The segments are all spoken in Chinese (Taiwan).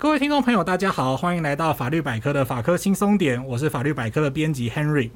各位聽眾朋友，大家好，歡迎來到法律百科的法科輕鬆點，我是法律百科的編輯 Henry。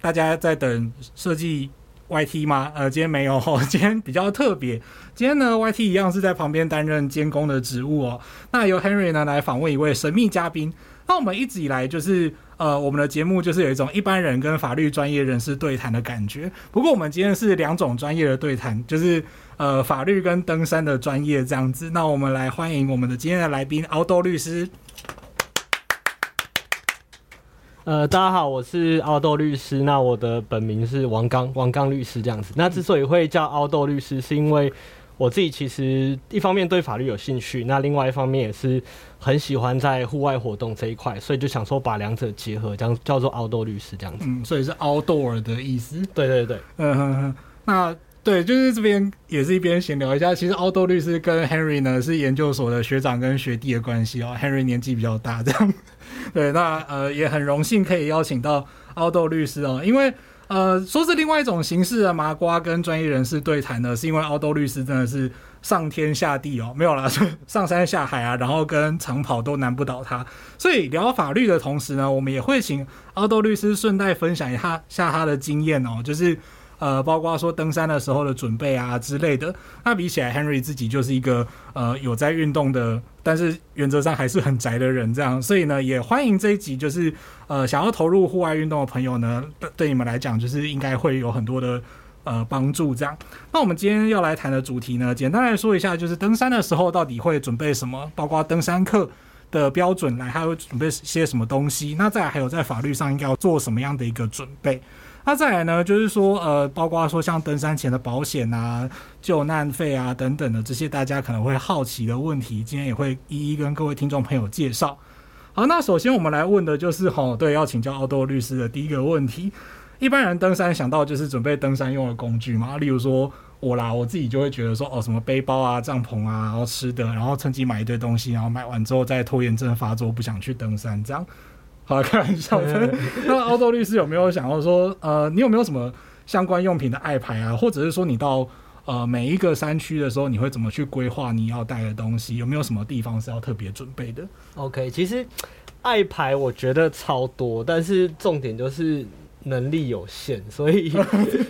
大家在等設計 YT 嗎？呃，今天沒有，今天比較特別，今天呢 YT 一樣是在旁邊擔任監工的職務哦。那由 Henry 呢來訪問一位神秘嘉賓。那我們一直以來就是。呃，我們的節目就是有一種一般人跟法律專業人士對談的感覺。不過我們今天是兩種專業的對談，就是呃法律跟登山的專業這樣子。那我們來歡迎我們的今天的來賓，凹豆律師。呃，大家好，我是凹豆律師。那我的本名是王綱，王綱律師這樣子。那之所以會叫凹豆律師，是因為。我自己其實一方面對法律有興趣，那另外一方面也是很喜歡在戶外活動這一塊，所以就想說把兩者結合，將叫做奧 u 律師這樣子。嗯，所以是奧 u 的意思。對對對，嗯哼哼，那對，就是這邊也是一邊閒聊一下。其實奧 u 律師跟 Henry 呢是研究所的學長跟學弟的關係哦、喔、，Henry 年紀比較大，這樣。對，那呃也很榮幸可以邀請到奧 u 律師哦、喔，因為。呃，說是另外一種形式的麻瓜跟專業人士對談呢，是因為凹豆律師真的是上天下地哦，沒有啦，上山下海啊，然後跟長跑都難不倒他。所以聊法律的同時呢，我們也會請凹豆律師順帶分享一下下他的經驗哦，就是。呃，包括說登山的時候的準備啊之類的，那比起來，Henry 自己就是一個呃有在運動的，但是原則上還是很宅的人這樣。所以呢，也歡迎這一集就是呃想要投入戶外運動的朋友呢，對對你們來講就是應該會有很多的呃幫助這樣。那我們今天要來談的主題呢，簡單來說一下，就是登山的時候到底會準備什麼，包括登山客的標準，來他會準備些什麼東西，那再還有在法律上應該要做什麼樣的一個準備。那、啊、再來呢，就是說，呃，包括說像登山前的保險啊、救難費啊等等的這些，大家可能會好奇的問題，今天也會一一跟各位聽眾朋友介紹。好，那首先我們來問的就是，吼，對，要請教凹豆律師的第一個問題。一般人登山想到就是準備登山用的工具嘛，例如說我啦，我自己就會覺得說，哦，什麼背包啊、帳篷啊，然後吃的，然後趁機買一堆東西，然後買完之後再拖延症發作，不想去登山，這樣。啊，開玩笑的。那凹豆律師有沒有想要說， 呃，你有沒有什麼相關用品的愛牌啊？或者是說，你到呃每一個山區的時候，你會怎麼去規劃你要帶的東西？有沒有什麼地方是要特別準備的？OK，其實愛牌我覺得超多，但是重點就是能力有限，所以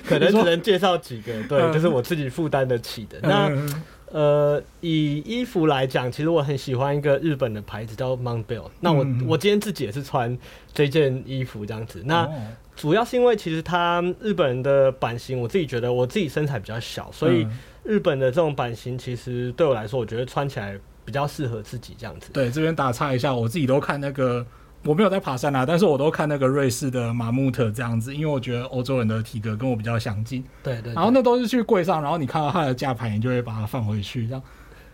可能只能介紹幾個、嗯。對，就是我自己負擔得起的。嗯、那、嗯呃，以衣服來講，其實我很喜歡一個日本的牌子叫 Montbell。那我、嗯、我今天自己也是穿這件衣服這樣子。那主要是因為其實它日本人的版型，我自己覺得我自己身材比較小，所以日本的這種版型其實對我來說，我覺得穿起來比較適合自己這樣子。嗯、對，這邊打岔一下，我自己都看那個。我沒有在爬山啊，但是我都看那個瑞士的馬木特這樣子，因為我覺得歐洲人的體格跟我比較相近。對,對對。然後那都是去櫃上，然後你看到他的價牌，你就會把它放回去，這樣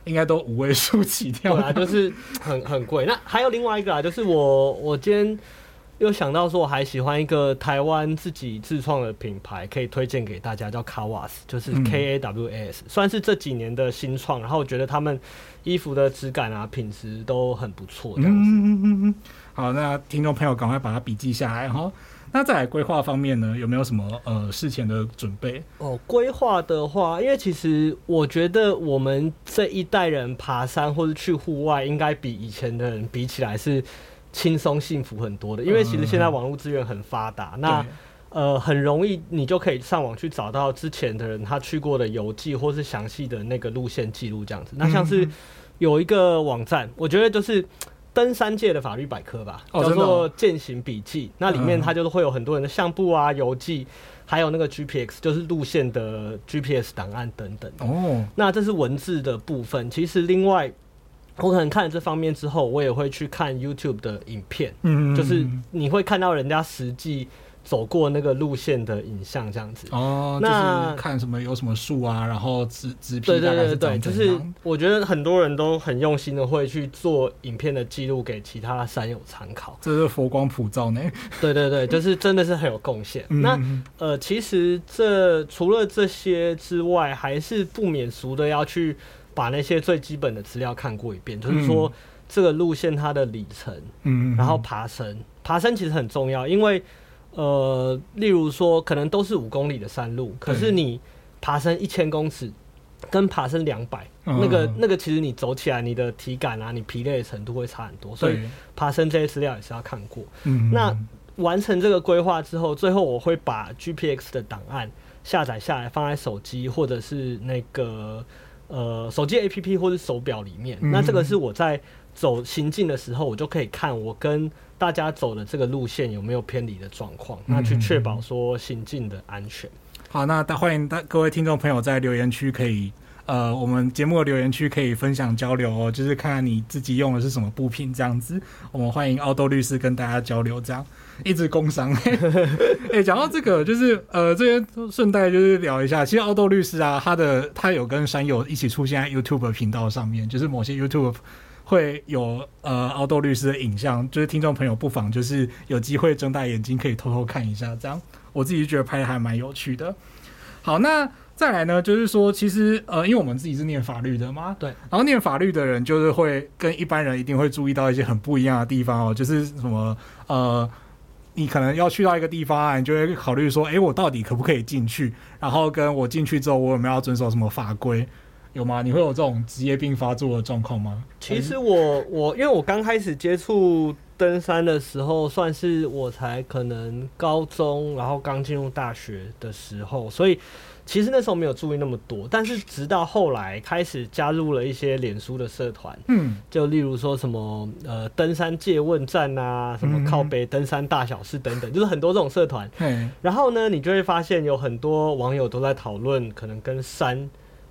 應該都五位數起跳啦、啊，就是很很貴。 那還有另外一個啊，就是我我今天又想到說，我還喜歡一個台灣自己自創的品牌，可以推薦給大家，叫 Kawas，就是 K A W A S，、嗯、算是這幾年的新創，然後我覺得他們衣服的質感啊、品質都很不錯，這樣子。嗯嗯嗯嗯好，那聽眾朋友趕快把它筆記下來哈。那在規劃方面呢，有沒有什麼呃事前的準備？哦，規劃的話，因為其實我覺得我們這一代人爬山或是去戶外，應該比以前的人比起來是輕鬆幸福很多的。因為其實現在網絡資源很發達、嗯，那呃很容易你就可以上網去找到之前的人他去過的遊記或是詳細的那個路線記錄這樣子。那像是有一個網站，嗯、我覺得就是。登山界的法律百科吧，哦、叫做《健行筆記》哦。那裡面它就是會有很多人的相簿啊、遊、嗯、記，還有那個 GPX，就是路線的 GPS 檔案等等。哦，那這是文字的部分。其實另外，我可能看了這方面之後，我也會去看 YouTube 的影片，嗯嗯就是你會看到人家實際，走過那個路線的影像，這樣子哦，那、就是、看什麼有什麼樹啊，然後紙紙片大概是怎麼樣對對對。就是我覺得很多人都很用心的會去做影片的記錄，給其他山友參考。這是佛光普照呢？對對對，就是真的是很有貢獻。 那呃，其實這除了這些之外，還是不免俗的要去把那些最基本的資料看過一遍、嗯，就是說這個路線它的里程，嗯，嗯，嗯，然後爬升，爬升其實很重要，因為。呃，例如說，可能都是五公里的山路，可是你爬升一千公尺，跟爬升兩百，那個那個，其實你走起來，你的體感啊，你疲累的程度會差很多。所以爬升這些資料也是要看過。那完成這個規劃之後，最後我會把 GPX 的檔案下載下來，放在手機或者是那個呃手機 APP 或者手錶裡面。那這個是我在走行進的時候，我就可以看我跟。大家走的這個路線有沒有偏離的狀況？那去確保說行進的安全。嗯、好，那大歡迎大各位聽眾朋友在留言區可以，呃，我們節目的留言區可以分享交流哦，就是看看你自己用的是什麼部品這樣子。我們歡迎凹豆律師跟大家交流，這樣一直工商。哎、 欸，講到這個，就是呃，這邊順帶就是聊一下，其實凹豆律師啊，他的他有跟山友一起出現在 YouTube 頻道上面，就是某些 YouTube。會有呃凹豆律師的影像，就是聽眾朋友不妨就是有機會睜大眼睛，可以偷偷看一下，這樣我自己覺得拍的還蠻有趣的。好，那再來呢，就是說其實呃，因為我們自己是念法律的嘛，對，然後念法律的人就是會跟一般人一定會注意到一些很不一樣的地方哦，就是什麼呃，你可能要去到一個地方，啊，你就會考慮說，哎、欸，我到底可不可以進去？然後跟我進去之後，我有沒有要遵守什麼法規？有嗎？你會有這種職業病發作的狀況嗎？其實我我因為我剛開始接觸登山的時候，算是我才可能高中，然後剛進入大學的時候，所以其實那時候沒有注意那麼多。但是直到後來開始加入了一些臉書的社團，嗯，就例如說什麼呃登山借問站啊，什麼靠北登山大小事等等，嗯，就是很多這種社團。嗯，然後呢，你就會發現有很多網友都在討論，可能跟山。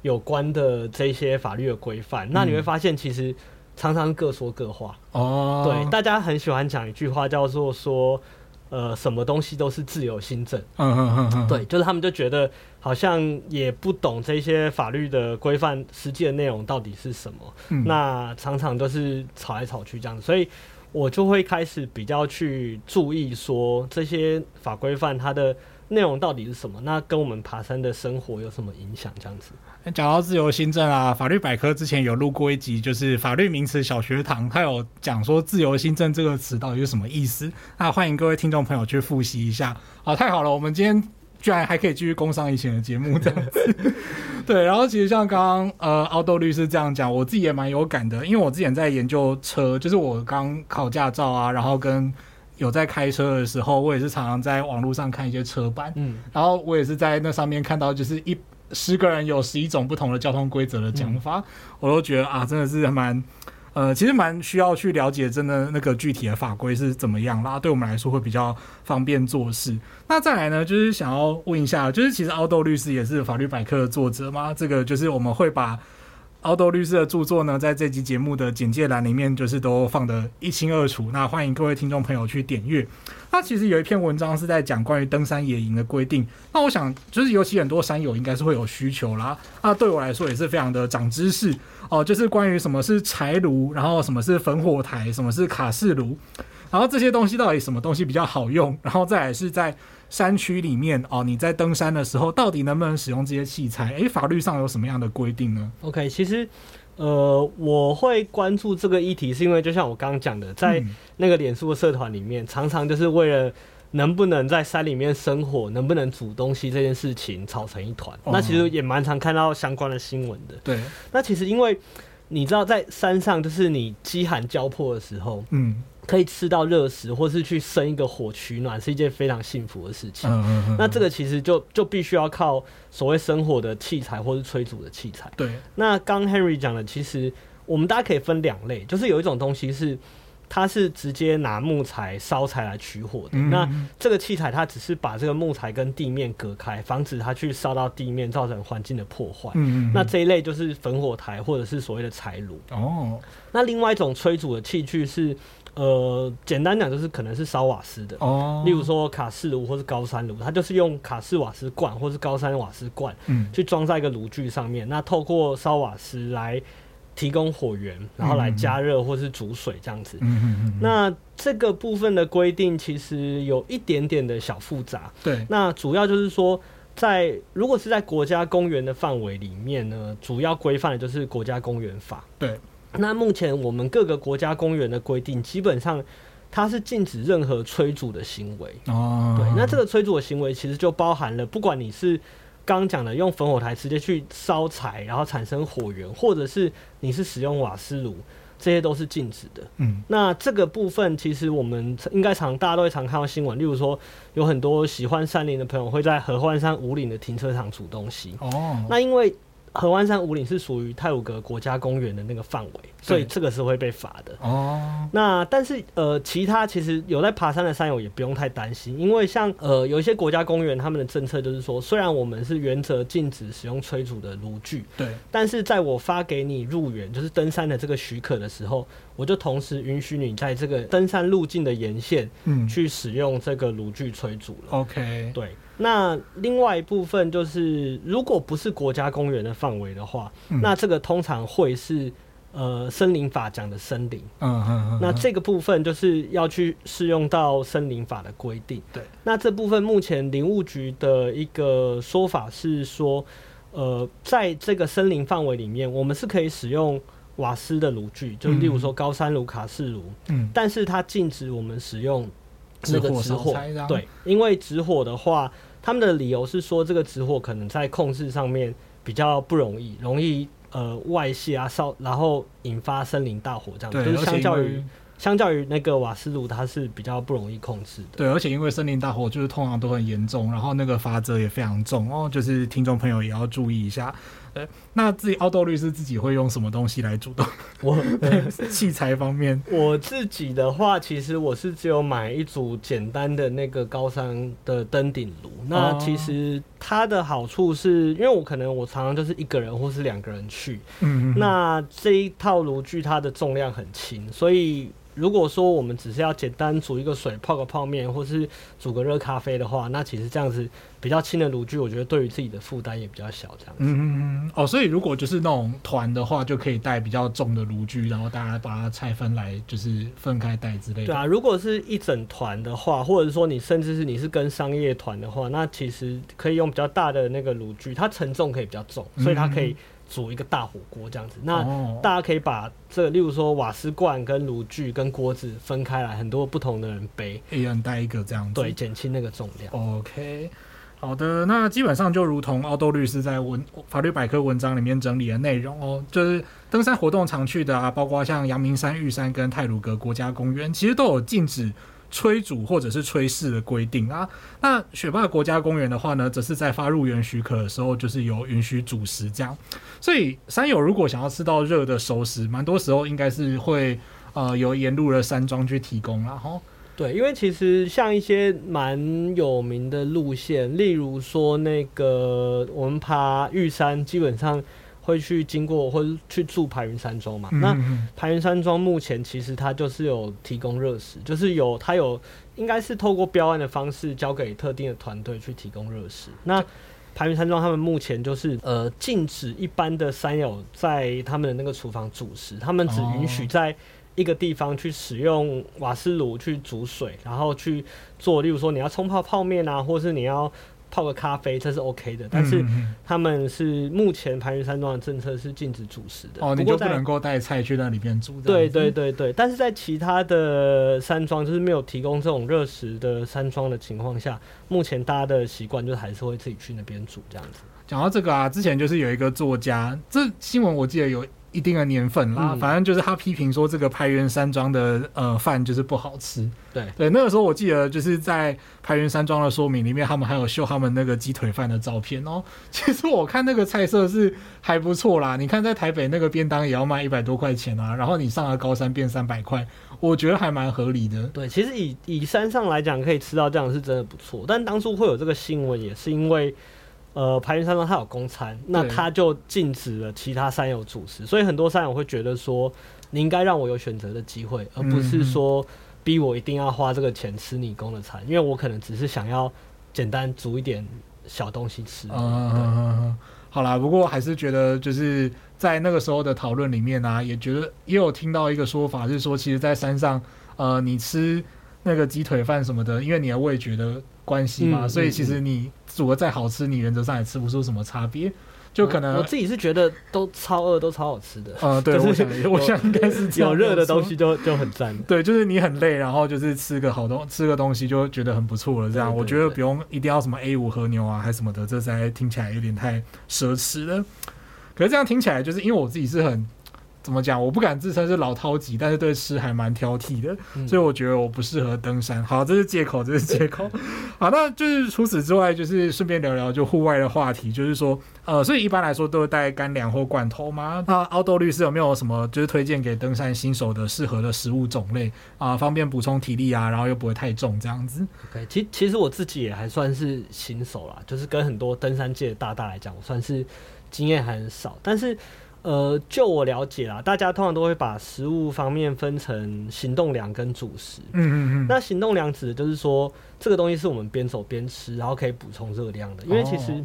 有關的這些法律的規範，那你會發現其實常常各說各話哦、嗯。對，大家很喜歡講一句話叫做說，呃，什麼東西都是自由心證。嗯嗯嗯嗯，對，就是他們就覺得好像也不懂這些法律的規範實際的內容到底是什麼、嗯。那常常都是吵來吵去這樣，所以我就會開始比較去注意說這些法規範它的。內容到底是什麼？那跟我們爬山的生活有什麼影響？這樣子。講到自由心證啊，法律百科之前有錄過一集，就是法律名詞小學堂，他有講說自由心證這個詞到底是什麼意思。那歡迎各位聽眾朋友去複習一下。好，太好了，我們今天居然還可以繼續工商以前的節目這樣子。 對，然後其實像剛剛呃凹豆 律師這樣講，我自己也蠻有感的，因為我之前在研究車，就是我剛考駕照啊，然後跟。有在開車的時候，我也是常常在網絡上看一些車班，嗯，然後我也是在那上面看到，就是一十個人有十一種不同的交通規則的講法，嗯，我都覺得啊，真的是蠻，呃，其實蠻需要去了解，真的那個具體的法規是怎麼樣啦，啊，對我們來說會比較方便做事。那再來呢，就是想要問一下，就是其實凹豆律師也是法律百科的作者嘛，這個就是我們會把。凹豆律師的著作呢，在這期節目的簡介欄裡面就是都放得一清二楚，那歡迎各位聽眾朋友去點閱。那其實有一篇文章是在講關於登山野營的規定，那我想就是尤其很多山友應該是會有需求啦。那對我來說也是非常的長知識哦、呃，就是關於什麼是柴爐，然後什麼是焚火台，什麼是卡式爐，然後這些東西到底什麼東西比較好用，然後再來是在。山區裡面哦，你在登山的時候，到底能不能使用這些器材？誒，法律上有什麼樣的規定呢？OK，其實，呃，我會關注這個議題，是因為就像我剛剛講的，在那個臉書的社團裡面、嗯，常常就是為了能不能在山裡面生火，能不能煮東西這件事情吵成一團、嗯。那其實也蠻常看到相關的新聞的。對，那其實因為。你知道在山上，就是你飢寒交迫的時候，嗯，可以吃到熱食，或是去生一個火取暖，是一件非常幸福的事情。嗯嗯嗯。那這個其實就就必須要靠所謂生火的器材，或是炊煮的器材。對。那剛 Henry 講的，其實我們大家可以分兩類，就是有一種東西是。它是直接拿木材燒柴來取火的。嗯。那這個器材，它只是把這個木材跟地面隔開，防止它去燒到地面，造成環境的破壞。嗯。那這一類就是焚火台，或者是所謂的柴爐。哦。那另外一種炊煮的器具是，呃，簡單講就是可能是燒瓦斯的。哦。例如說卡式爐或是高山爐，它就是用卡式瓦斯罐或是高山瓦斯罐，去裝在一個爐具上面，嗯、那透過燒瓦斯來。提供火源，然後來加熱或是煮水這樣子。嗯嗯嗯。那這個部分的規定其實有一點點的小複雜。對。那主要就是說在，在如果是在國家公園的範圍裡面呢，主要規範的就是《國家公園法》。對。那目前我們各個國家公園的規定，基本上它是禁止任何炊煮的行為。哦。對。那這個炊煮的行為，其實就包含了，不管你是。剛剛講的用焚火台直接去燒柴，然後產生火源，或者是你是使用瓦斯爐，這些都是禁止的。嗯，那這個部分其實我們應該常大家都會常看到新聞，例如說有很多喜歡山林的朋友會在合歡山武嶺的停車場煮東西。哦，那因為。合歡山武嶺是屬於太魯閣國家公園的那個範圍，所以這個是會被罰的。哦、oh.，那但是呃，其他其實有在爬山的山友也不用太擔心，因為像呃，有一些國家公園他們的政策就是說，雖然我們是原則禁止使用炊煮的爐具，對，但是在我發給你入園就是登山的這個許可的時候，我就同時允許你在這個登山路徑的沿線，去使用這個爐具炊煮了。OK，、嗯、對。Okay. 那另外一部分就是，如果不是國家公園的範圍的話，嗯，那這個通常會是呃，森林法講的森林。嗯嗯嗯。那這個部分就是要去適用到森林法的規定。對，嗯嗯嗯。那這部分目前林務局的一個說法是說，呃，在這個森林範圍裡面，我們是可以使用瓦斯的爐具，就例如說高山爐、卡式爐。嗯。但是它禁止我們使用那個直火、火。對，因為直火的話。他們的理由是說，這個直火可能在控制上面比較不容易，容易呃外泄啊，燒，然後引發森林大火這樣。對，就是相較於相較於那個瓦斯爐，它是比較不容易控制的對。對，而且因為森林大火就是通常都很嚴重，然後那個罰則也非常重哦，就是聽眾朋友也要注意一下。那自己凹豆律師自己會用什麼東西來煮的？我 器材方面， 我自己的話，其實我是只有買一組簡單的那個高山的登頂爐。那其實它的好處是，因為我可能我常常就是一個人或是兩個人去，嗯，那這一套爐具它的重量很輕，所以。如果說我們只是要簡單煮一個水，泡個泡麵，或是煮個熱咖啡的話，那其實這樣子比較輕的爐具，我覺得對於自己的負擔也比較小。這樣子。嗯嗯嗯。哦，所以如果就是那種團的話，就可以帶比較重的爐具，然後大家把它拆分來，就是分開帶之類的。對啊。如果是一整團的話，或者說你甚至是你是跟商業團的話，那其實可以用比較大的那個爐具，它承重可以比較重，所以它可以嗯嗯。煮一個大火鍋這樣子，那大家可以把這個哦、例如說瓦斯罐、跟爐具、跟鍋子分開來，很多不同的人背，一人帶一個這樣子，對，減輕那個重量，哦。OK，好的，那基本上就如同凹豆律師在文法律百科文章裡面整理的內容哦，就是登山活動常去的啊，包括像陽明山、玉山跟太魯閣國家公園，其實都有禁止。炊煮或者是炊事的規定啊，那雪霸國家公園的話呢，則是在發入園許可的時候，就是有允許煮食這樣。所以山友如果想要吃到熱的熟食，蠻多時候應該是會呃有沿路的山莊去提供啦吼對，因為其實像一些蠻有名的路線，例如說那個我們爬玉山，基本上。會去經過，或者去住排雲山莊嘛？那排雲山莊目前其實它就是有提供熱食，就是有它有應該是透過標案的方式交給特定的團隊去提供熱食。那排雲山莊他們目前就是呃禁止一般的山友在他們的那個廚房煮食，他們只允許在一個地方去使用瓦斯爐去煮水，然後去做，例如說你要沖泡泡麵啊，或是你要。泡個咖啡這是 OK 的，但是他們是目前排雲山莊的政策是禁止煮食的、嗯、哦，你就不能夠帶菜去那裡邊煮。對對對對，但是在其他的山莊，就是沒有提供這種熱食的山莊的情況下，目前大家的習慣就還是會自己去那邊煮這樣子。講到這個啊，之前就是有一個作家，這新聞我記得有。一定的年份啦，嗯、反正就是他批評說這個排雲山莊的呃飯就是不好吃。對對，那個時候我記得就是在排雲山莊的說明裡面，他們還有秀他們那個雞腿飯的照片哦、喔。其實我看那個菜色是還不錯啦，你看在台北那個便當也要賣一百多塊錢啊，然後你上了高山變三百塊，我覺得還蠻合理的。對，其實以以山上來講可以吃到這樣是真的不錯，但當初會有這個新聞也是因為。呃，排雲山莊它有供餐，那它就禁止了其他山友煮食，所以很多山友會覺得說，你應該讓我有選擇的機會，而不是說逼我一定要花這個錢吃你供的餐，嗯、因為我可能只是想要簡單煮一點小東西吃。嗯嗯嗯，好啦。不過還是覺得就是在那個時候的討論裡面呢、啊，也覺得也有聽到一個說法是說，其實，在山上，呃，你吃。那個雞腿飯什麼的，因為你的味覺的關係嘛、嗯，所以其實你煮的再好吃，嗯、你原則上也吃不出什麼差別。就可能、嗯、我自己是覺得都超餓，都超好吃的。嗯，對，就是、我想，我想應該是有熱的東西就就很讚。對，就是你很累，然後就是吃個好東，吃個東西就覺得很不錯了。這樣對對對，我覺得不用一定要什麼 A 五和牛啊，還什麼的，這才聽起來有點太奢侈了。可是這樣聽起來，就是因為我自己是很。怎麼講？我不敢自稱是老饕餮，但是對吃還蠻挑剔的、嗯，所以我覺得我不適合登山。好，這是借口，這是借口。 好，那就是除此之外，就是順便聊聊就戶外的話題，就是說，呃，所以一般來說都會帶乾糧或罐頭嗎？那凹豆律師有沒有什麼就是推薦給登山新手的適合的食物種類啊、呃？方便補充體力啊，然後又不會太重這樣子？OK，其其實我自己也還算是新手啦，就是跟很多登山界的大大來講，我算是經驗還很少，但是。呃，就我了解啦，大家通常都會把食物方面分成行動糧跟主食。嗯嗯嗯。那行動糧指的就是說，這個東西是我們邊走邊吃，然後可以補充熱量的。因為其實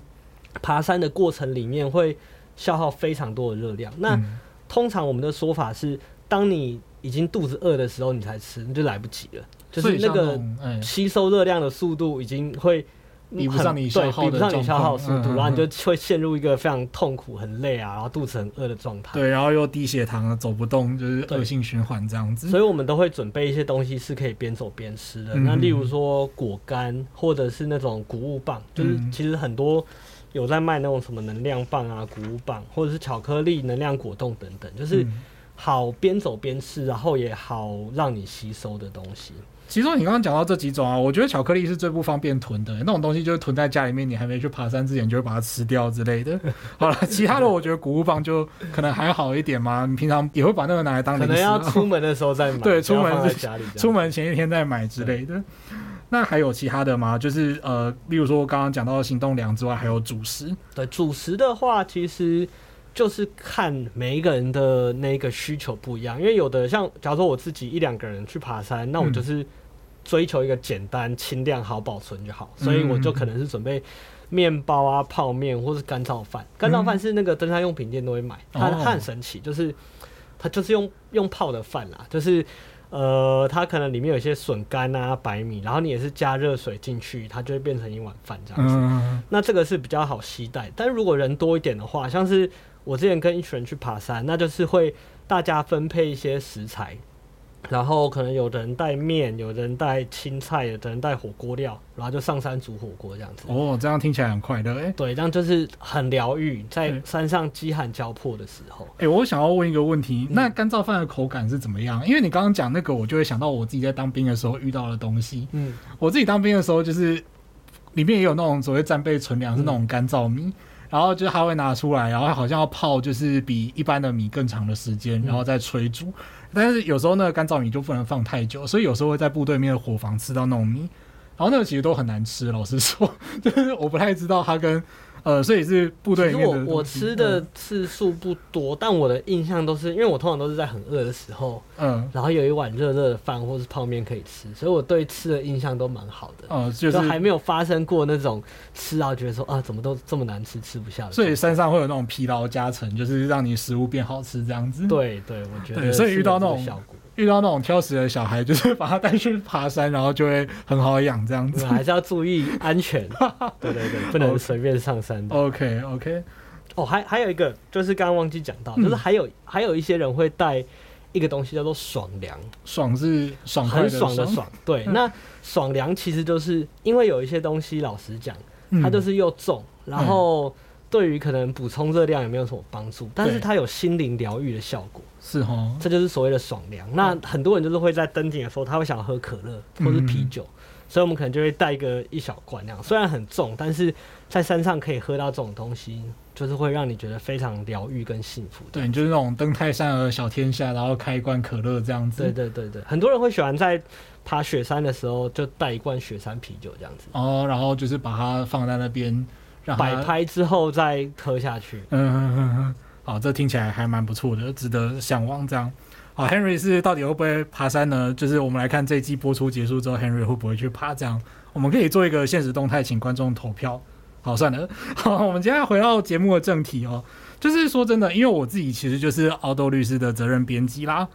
爬山的過程裡面會消耗非常多的熱量。那通常我們的說法是，當你已經肚子餓的時候，你才吃，你就來不及了。就是那個吸收熱量的速度已經會。比不，你比不上你消耗的速度，嗯哼哼，然後你就會陷入一個非常痛苦，很累啊，然後肚子很餓的狀態。對，然後又低血糖了，走不動，就是惡性循環這樣子。所以，我們都會準備一些東西是可以邊走邊吃的。嗯、那例如說果乾，或者是那種穀物棒，就是其實很多有在賣那種什麼能量棒啊、穀物棒，或者是巧克力能量果凍等等，就是好邊走邊吃，然後也好讓你吸收的東西。其實你剛剛講到這幾種啊，我覺得巧克力是最不方便囤的、欸、那種東西，就是囤在家裡面，你還沒去爬山之前你就會把它吃掉之類的。好了，其他的我覺得穀物棒就可能還好一點嘛，你平常也會把那個拿來當成可能要出門的時候再買。對，出門在家裡，出門前一天再買之類的。那還有其他的嗎？就是呃，例如說我剛剛講到的行動糧之外，還有主食。對，主食的話其實就是看每一個人的那個需求不一樣，因為有的像假如說我自己一兩個人去爬山，那我就是、嗯。追求一個簡單、輕量、好保存就好，所以我就可能是準備麵包啊、嗯、泡麵，或是乾燥飯。乾燥飯是那個登山用品店都會買、嗯，它很神奇，就是它就是用用泡的飯啦，就是呃，它可能裡面有一些筍乾啊、白米，然後你也是加熱水進去，它就會變成一碗飯這樣子、嗯。那這個是比較好攜帶，但如果人多一點的話，像是我之前跟一群人去爬山，那就是會大家分配一些食材。然後可能有人帶麵，有的人帶青菜，有的人帶火鍋料，然後就上山煮火鍋這樣子。哦，這樣聽起來很快樂哎。對，這樣就是很療癒，在山上飢寒交迫的時候。哎，我想要問一個問題，那乾燥飯的口感是怎麼樣？嗯。因為你剛剛講那個，我就會想到我自己在當兵的時候遇到的東西。嗯，我自己當兵的時候，就是裡面也有那種所謂戰備存糧，是那種乾燥米。嗯然後就他會拿出來，然後好像要泡，就是比一般的米更長的時間，然後再炊煮，嗯。但是有時候那個乾燥米就不能放太久，所以有時候會在部隊裡面的伙房吃到那種米，然後那個其實都很難吃，老實說，就是我不太知道它跟。呃，所以是部隊。其實我我吃的次數不多，嗯，但我的印象都是，因為我通常都是在很餓的時候，嗯，然後有一碗熱熱的飯或是泡麵可以吃，所以我對吃的印象都蠻好的。呃、嗯，就是就還沒有發生過那種吃到覺得說啊，怎麼都這麼難吃，吃不下。所以山上會有那種疲勞加成，就是讓你食物變好吃這樣子。對對，我覺得。所以遇到那種效果。遇到那種挑食的小孩，就是把他帶去爬山，然後就會很好養這樣子，嗯。還是要注意安全。 對對對，不能隨便上山。 OK OK。哦，還還有一個就是剛剛忘記講到，嗯，就是還有還有一些人會帶一個東西叫做爽糧，爽是爽很爽的爽，爽對，嗯。那爽糧其實就是因為有一些東西，老實講，它就是又重，然後對於可能補充熱量也沒有什麼幫助，嗯，但是它有心靈療癒的效果。是哈，這就是所謂的爽涼、嗯。那很多人就是會在登頂的時候，他會想喝可樂或是啤酒、嗯，所以我們可能就會帶一個一小罐那樣。雖然很重，但是在山上可以喝到這種東西，就是會讓你覺得非常療癒跟幸福。對，就是那種登泰山而小天下，然後開一罐可樂這樣子。對對對，對很多人會喜歡在爬雪山的時候就帶一罐雪山啤酒這樣子。哦，然後就是把它放在那邊擺拍之後再喝下去。嗯嗯嗯嗯，嗯。好，這聽起來還蠻不錯的，值得嚮往這樣。好，Henry 是到底會不會爬山呢？就是我們來看這一季播出結束之後，Henry 會不會去爬這樣。我們可以做一個限時動態，請觀眾投票。好，算了。好，我們今天回到節目的正題哦、喔。就是說真的，因為我自己其實就是凹豆律師的責任編輯啦。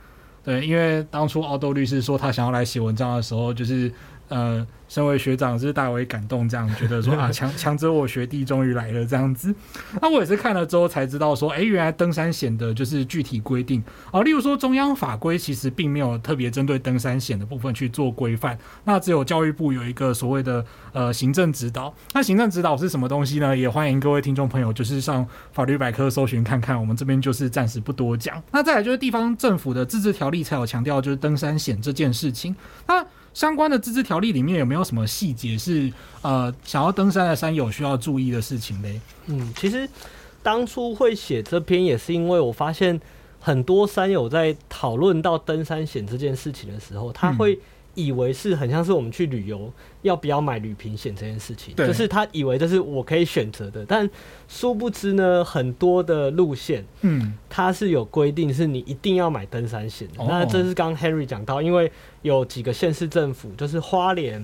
對，因為當初凹豆律師說他想要來寫文章的時候，就是。呃，身為學長，就是大為感動，這樣覺得說啊，強強者我學弟終於來了這樣子。那我也是看了之後才知道說，哎、欸，原來登山險的就是具體規定啊、呃。例如說，中央法規其實並沒有特別針對登山險的部分去做規範，那只有教育部有一個所謂的呃行政指導。那行政指導是什麼東西呢？也歡迎各位聽眾朋友就是上法律百科搜尋看看。我們這邊就是暫時不多講。那再來就是地方政府的自治條例才有強調就是登山險這件事情。那相關的自治條例裡面有沒有什麼細節是呃想要登山的山友需要注意的事情呢？嗯，其實當初會寫這篇也是因為我發現很多山友在討論到登山險這件事情的時候，他會、嗯。以為是很像是我們去旅遊要不要買旅平險這件事情，就是他以為這是我可以選擇的，但殊不知呢，很多的路線，嗯，它是有規定是你一定要買登山險的哦哦。那這是剛 Henry 講到，因為有幾個縣市政府，就是花蓮、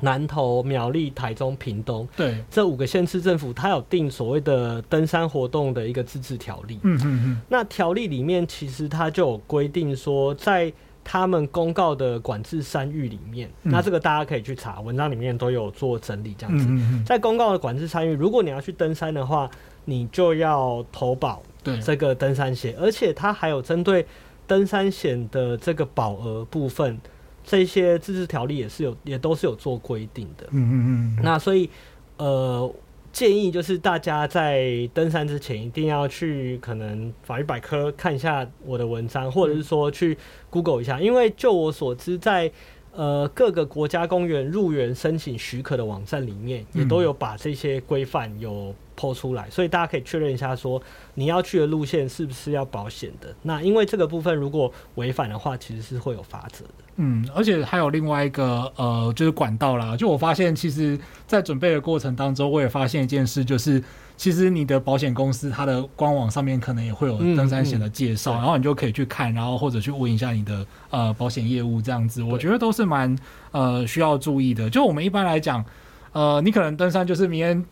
南投、苗栗、台中、屏東，對這五個縣市政府，它有定所謂的登山活動的一個自治條例。嗯嗯嗯。那條例裡面其實它就有規定說在他們公告的管制山域裡面，那這個大家可以去查，文章裡面都有做整理這樣子。在公告的管制山域，如果你要去登山的話，你就要投保這個登山險，而且它還有針對登山險的這個保額部分，這些自治條例也是有，也都是有做規定的。嗯嗯嗯。那所以，呃。我建議就是大家在登山之前，一定要去可能法律百科看一下我的文章，或者是說去 Google 一下，因為就我所知在、在呃各個國家公園入園申請許可的網站裡面，也都有把這些規範有。剖出來，所以大家可以確認一下，說你要去的路線是不是要保險的？那因為這個部分如果違反的話，其實是會有罰責的。嗯，而且還有另外一個呃，就是管道啦。就我發現，其實在準備的過程當中，我也發現一件事，就是其實你的保險公司它的官網上面可能也會有登山險的介紹、嗯嗯，然後你就可以去看，然後或者去問一下你的呃保險業務這樣子。我覺得都是蠻呃需要注意的。就我們一般來講，呃，你可能登山就是明天。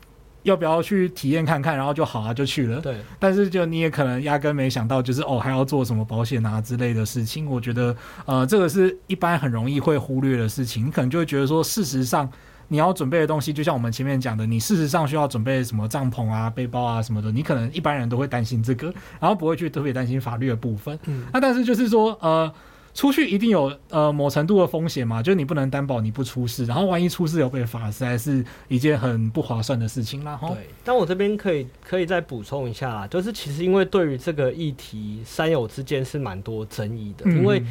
要不要去體驗看看，然後就好啊，就去了。對，但是就你也可能壓根沒想到，就是哦，還要做什麼保險啊之類的事情。我覺得呃，這個是一般很容易會忽略的事情。你可能就會覺得說，事實上你要準備的東西，就像我們前面講的，你事實上需要準備什麼帳篷啊、背包啊什麼的，你可能一般人都會擔心這個，然後不會去特別擔心法律的部分。嗯，那但是就是說呃。出去一定有呃某程度的風險嘛，就你不能擔保你不出事，然後萬一出事又被罰，實在是一件很不划算的事情啦。哦、對，但我這邊可以可以再補充一下啦，就是其實因為對於這個議題，三友之間是蠻多爭議的，嗯、因為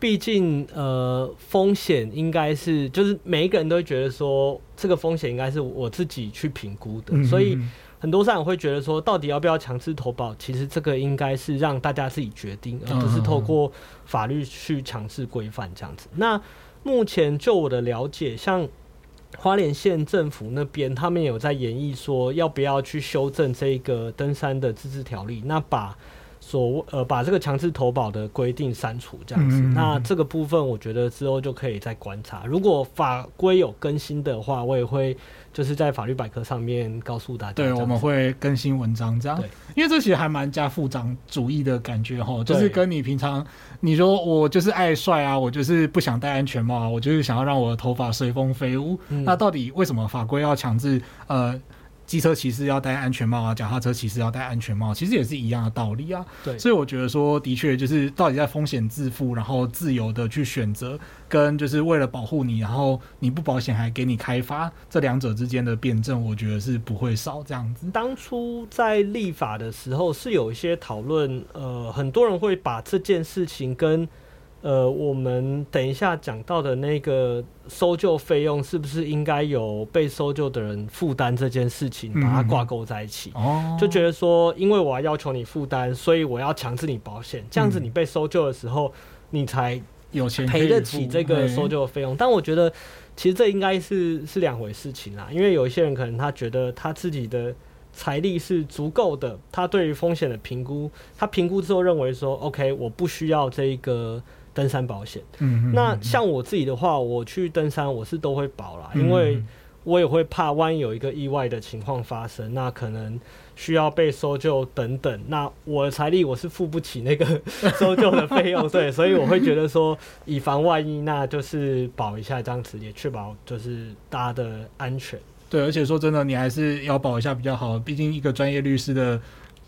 畢竟呃風險應該是就是每一個人都會覺得說這個風險應該是我自己去評估的，嗯、所以。很多上，我會覺得說，到底要不要強制投保？其實這個應該是讓大家自己決定，而不是透過法律去強制規範這樣子。那目前就我的了解，像花蓮縣政府那邊，他們有在研議說要不要去修正這個登山的自治條例，那把。所呃，把這個強制投保的規定刪除這樣子嗯嗯，那這個部分我覺得之後就可以再觀察。如果法規有更新的話，我也會就是在法律百科上面告訴大家。對，我們會更新文章這樣。對，因為這其實還蠻家父長主義的感覺哈，就是跟你平常你說我就是愛帥啊，我就是不想戴安全帽啊，我就是想要讓我的頭髮隨風飛舞、嗯。那到底為什麼法規要強制呃？機車騎士要戴安全帽啊，腳踏車騎士要戴安全帽，其實也是一樣的道理啊。對，所以我覺得說，的確就是到底在風險自負，然後自由的去選擇，跟就是為了保護你，然後你不保險還給你開罰，這兩者之間的辯證，我覺得是不會少這樣子。當初在立法的時候是有一些討論，呃，很多人會把這件事情跟。呃，我們等一下講到的那個搜救費用，是不是應該由被搜救的人負擔這件事情，把它掛鈎在一起？哦、嗯，就覺得說，因為我要求你負擔，所以我要強制你保險、嗯，這樣子你被搜救的時候，你才有錢賠得起這個搜救的費用。但我覺得，其實這應該是是兩回事情啦。因為有一些人可能他覺得他自己的財力是足夠的，他對於風險的評估，他評估之後認為說，OK，我不需要這一個。登山保險，嗯，那像我自己的話，我去登山我是都會保啦，因為我也會怕，萬一有一個意外的情況發生，那可能需要被搜救等等，那我的財力我是付不起那個搜救的費用， 對，所以我會覺得說，以防萬一，那就是保一下，這樣子也確保就是大家的安全。對，而且說真的，你還是要保一下比較好，畢竟一個專業律師的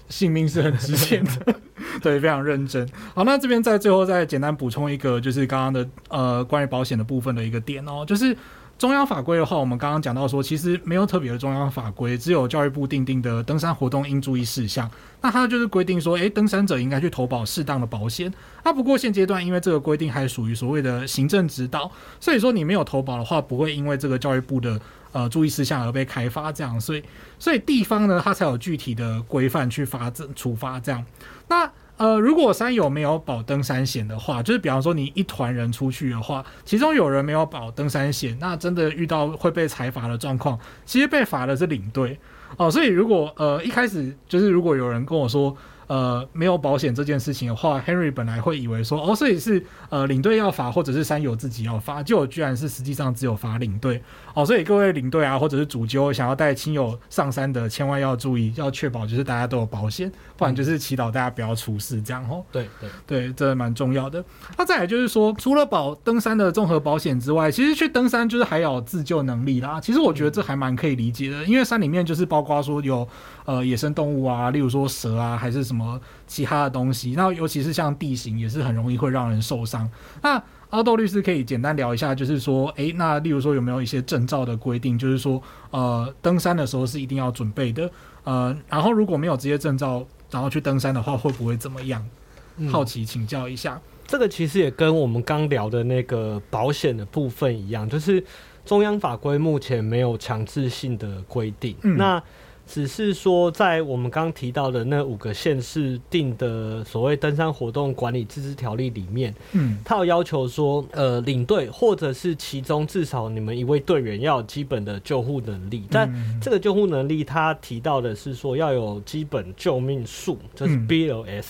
性命是很值錢的。 對，非常認真。好，那這邊再最後再簡單補充一個，就是剛剛的呃關於保險的部分的一個點哦，就是中央法規的話，我們剛剛講到說，其實沒有特別的中央法規，只有教育部訂定的登山活動應注意事項。那它就是規定說，誒、欸，登山者應該去投保適當的保險。它、啊、不過現階段因為這個規定還屬於所謂的行政指導，所以說你沒有投保的話，不會因為這個教育部的呃注意事項而被開罰這樣。所以所以地方呢，它才有具體的規範去發正處罰這樣。那呃，如果山友沒有保登山險的話，就是比方說你一團人出去的話，其中有人沒有保登山險，那真的遇到會被裁罰的狀況，其實被罰的是領隊哦。所以如果呃一開始就是如果有人跟我說呃沒有保險這件事情的話，Henry 本來會以為說哦，所以是呃領隊要罰，或者是山友自己要罰，結果居然是實際上只有罰領隊。哦，所以各位領隊啊，或者是主揪想要帶親友上山的，千萬要注意，要確保就是大家都有保險，不然就是祈禱大家不要出事這樣吼、哦。對對對，這蠻重要的。那再來就是說，除了保登山的綜合保險之外，其實去登山就是還有自救能力啦。其實我覺得這還蠻可以理解的、嗯，因為山裡面就是包括說有呃野生動物啊，例如說蛇啊，還是什麼其他的東西。那尤其是像地形也是很容易會讓人受傷、嗯。那凹豆律師可以簡單聊一下，就是說，誒、欸，那例如說有沒有一些證照的規定，就是說，呃，登山的時候是一定要準備的，呃，然後如果沒有職業證照，然後去登山的話，會不會怎麼樣？好、嗯。好奇請教一下。這個其實也跟我們剛聊的那個保險的部分一樣，就是中央法規目前沒有強制性的規定。嗯、那只是說，在我們剛剛提到的那五個縣市定的所謂登山活動管理自治條例裡面，嗯，他有要求說，呃，領隊或者是其中至少你們一位隊員要有基本的救護能力，嗯。但這個救護能力，他提到的是說要有基本救命術，就是 BLS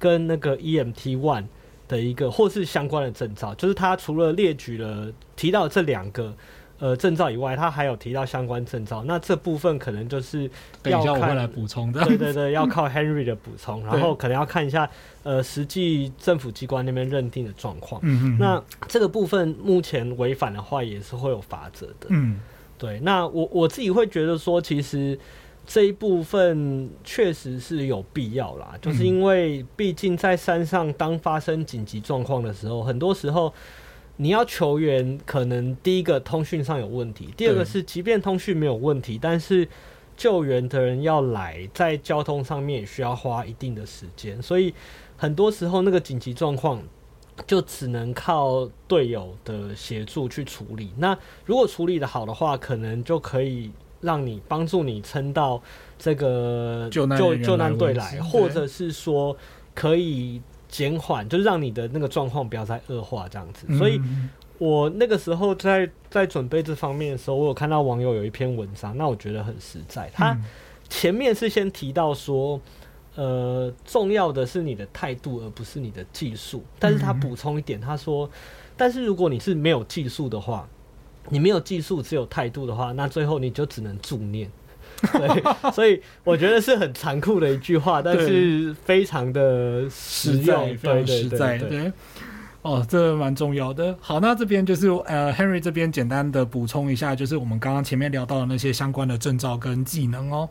跟那個 EMT One 的一個或是相關的證照。就是他除了列舉了提到這兩個。呃，證照以外，他還有提到相關證照，那這部分可能就是要看，等一下我來補充，對對對，要靠 Henry 的補充， 然後可能要看一下呃，實際政府機關那邊認定的狀況。嗯嗯，那這個部分目前違反的話，也是會有罰則的。嗯，對。那我我自己會覺得說，其實這一部分確實是有必要啦，嗯、就是因為畢竟在山上，當發生緊急狀況的時候，很多時候，你要求援，可能第一個通訊上有問題，第二個是即便通訊沒有問題，但是救援的人要來，在交通上面需要花一定的時間，所以很多時候那個緊急狀況就只能靠隊友的協助去處理。那如果處理得好的話，可能就可以讓你幫助你撐到這個救救難隊來，或者是說可以。減緩，就是讓你的那個狀況不要再惡化這樣子。所以，我那個時候在在準備這方面的時候，我有看到網友有一篇文章，那我覺得很實在。他前面是先提到說，呃，重要的是你的態度，而不是你的技術。但是他補充一點，他說，但是如果你是沒有技術的話，你沒有技術，只有態度的話，那最後你就只能助念。 對，所以我覺得是很殘酷的一句話， 但是非常的實在，非常實在。對，對對對對哦，這蠻重要的。好，那這邊就是呃，Henry 這邊簡單的補充一下，就是我們剛剛前面聊到的那些相關的證照跟技能哦。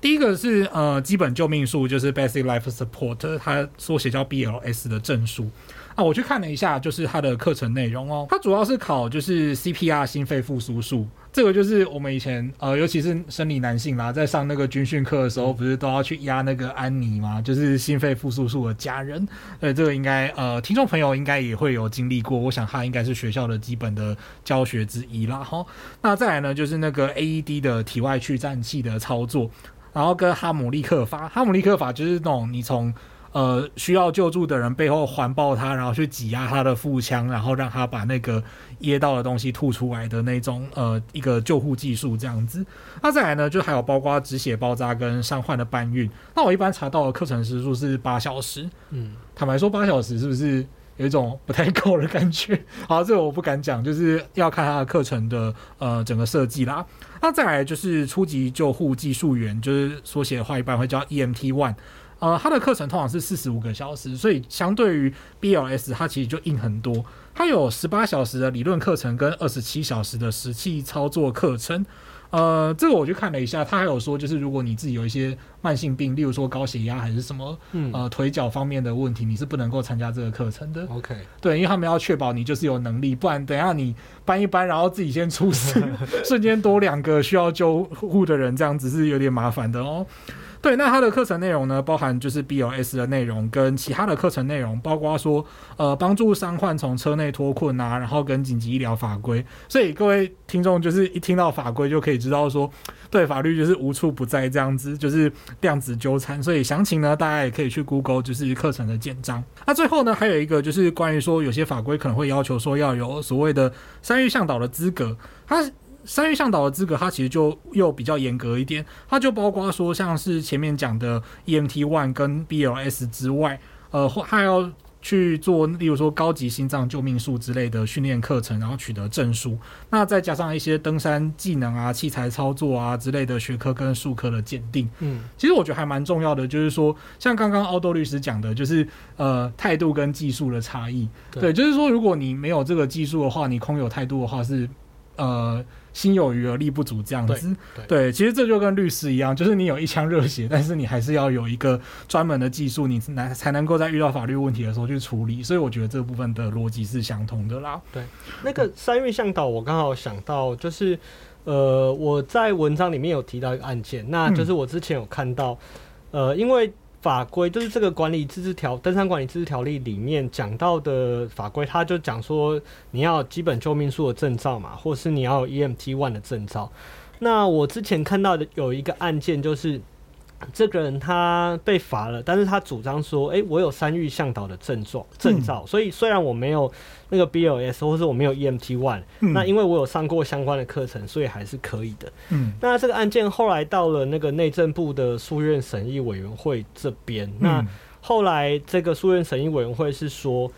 第一個是呃，基本救命術，就是 Basic Life Support，它縮寫叫 BLS 的證書。啊，我去看了一下，就是它的課程內容哦，它主要是考就是 CPR 心肺復甦術。這個就是我們以前呃，尤其是生理男性啦，在上那個軍訓課的時候，不是都要去壓那個安妮嗎？就是心肺復甦術的假人。呃，這個應該呃，聽眾朋友應該也會有經歷過。我想他應該是學校的基本的教學之一啦。哈、哦，那再來呢，就是那個 AED 的體外去顫器的操作，然後跟哈姆立克法。哈姆立克法就是那種你從呃，需要救助的人背後環抱他，然後去擠壓他的腹腔，然後讓他把那個噎到的東西吐出來的那種呃一個救護技術這樣子。那再來呢，就還有包括止血包紮跟傷患的搬運。那我一般查到的課程時數是八小時，嗯，坦白說八小時是不是有一種不太夠的感覺？好，這個我不敢講，就是要看他的課程的呃整個設計啦。那再來就是初級救護技術員，就是縮寫的話一般會叫 EMT one。呃，他的課程通常是四十五個小時，所以相對於 BLS，它其實就硬很多。它有十八小時的理論課程跟二十七小時的實際操作課程。呃，這個我去看了一下，它還有說，就是如果你自己有一些慢性病，例如說高血壓還是什麼，呃，腿腳方面的問題，你是不能夠參加這個課程的。OK，對，因為他們要確保你就是有能力，不然等一下你搬一搬，然後自己先出事， 瞬間多兩個需要救護的人，這樣子是有點麻煩的哦。對，那它的課程內容呢，包含就是 BLS 的內容跟其他的課程內容，包括說呃幫助傷患從車內脫困吶、啊，然後跟緊急醫療法規。所以各位聽眾就是一聽到法規就可以知道說，對，法律就是無處不在這樣子，就是量子糾纏。所以詳情呢，大家也可以去 Google 就是課程的簡章。那最後呢，還有一個就是關於說有些法規可能會要求說要有所謂的山域嚮導的資格，它。三月嚮導的資格，它其實就又比較嚴格一點，它就包括說，像是前面講的 EMT one 跟 BLS 之外，呃，還要去做，例如說高級心臟救命術之類的訓練課程，然後取得證書。那再加上一些登山技能啊、器材操作啊之類的學科跟術科的鑑定。嗯，其實我覺得還蠻重要的，就是說，像剛剛凹豆律師講的，就是呃，態度跟技術的差異。對，就是說，如果你沒有這個技術的話，你空有態度的話是。呃，心有餘而力不足這樣子。對對，對，其實這就跟律師一樣，就是你有一腔熱血，但是你還是要有一個專門的技術，你才才能夠在遇到法律問題的時候去處理。所以我覺得這部分的邏輯是相通的啦。對，那個三月向導，我剛好想到，就是呃，我在文章裡面有提到一個案件，那就是我之前有看到，嗯、呃，因為。法規就是這個管理自治條、登山管理自治條例裡面講到的法規，他就講說你要有基本救命術的證照嘛，或是你要有 EMT one 的證照。那我之前看到的有一個案件就是。這個人他被罰了，但是他主張說：“哎，我有山域嚮導的證照、證照。嗯、所以雖然我沒有那個 BLS，或者我沒有 EMT One、嗯、那因為我有上過相關的課程，所以還是可以的。”嗯，那這個案件後來到了那個內政部的訴願審議委員會這邊，嗯、那後來這個訴願審議委員會是說。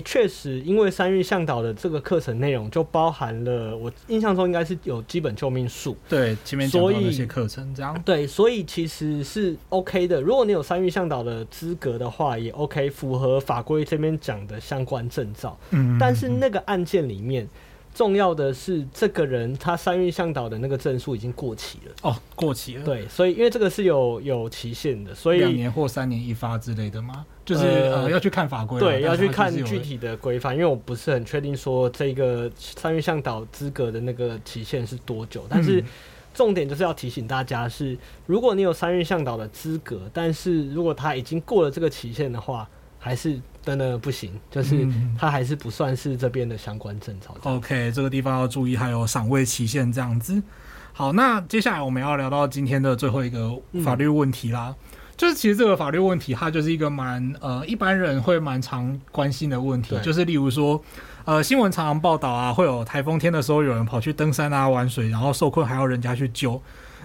欸，確實，因為山域嚮導的這個課程內容就包含了我印象中應該是有基本救命術，對，所以那些課程這樣，對，所以其實是 OK 的。如果你有山域嚮導的資格的話，也 OK，符合法規這邊講的相關證照。嗯，嗯，嗯，但是那個案件裡面。重要的是，這個人他山域嚮導的那個證書已經過期了。哦，過期了。對，所以因為這個是有有期限的，所以兩年或三年一發之類的嗎？就是、呃、要去看法規。對，要去看具體的規範，因為我不是很確定說這個山域嚮導資格的那個期限是多久。但是重點就是要提醒大家是，嗯、如果你有山域嚮導的資格，但是如果他已經過了這個期限的話。還是真的不行，就是它還是不算是這邊的相關政策。OK，這個地方要注意，還有賞味期限這樣子。好，那接下來我們要聊到今天的最後一個法律問題啦。嗯、就是其實這個法律問題，它就是一個蠻呃一般人會蠻常關心的問題，就是例如說呃新聞常常報道啊，會有台風天的時候有人跑去登山啊玩水，然後受困還要人家去救。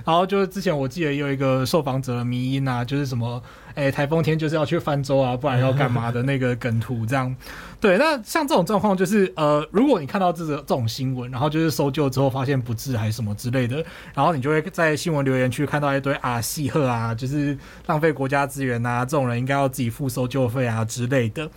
然後就是之前我記得有一個受訪者的迷因啊，就是什麼，哎、欸，颱風天就是要去泛舟啊，不然要幹嘛的那個梗圖這樣。 對，那像這種狀況，就是呃，如果你看到這個這種新聞，然後就是搜救之後發現不治還是什麼之類的，然後你就會在新聞留言區看到一堆啊，戲謔啊，就是浪費國家資源啊，這種人應該要自己付搜救費啊之類的。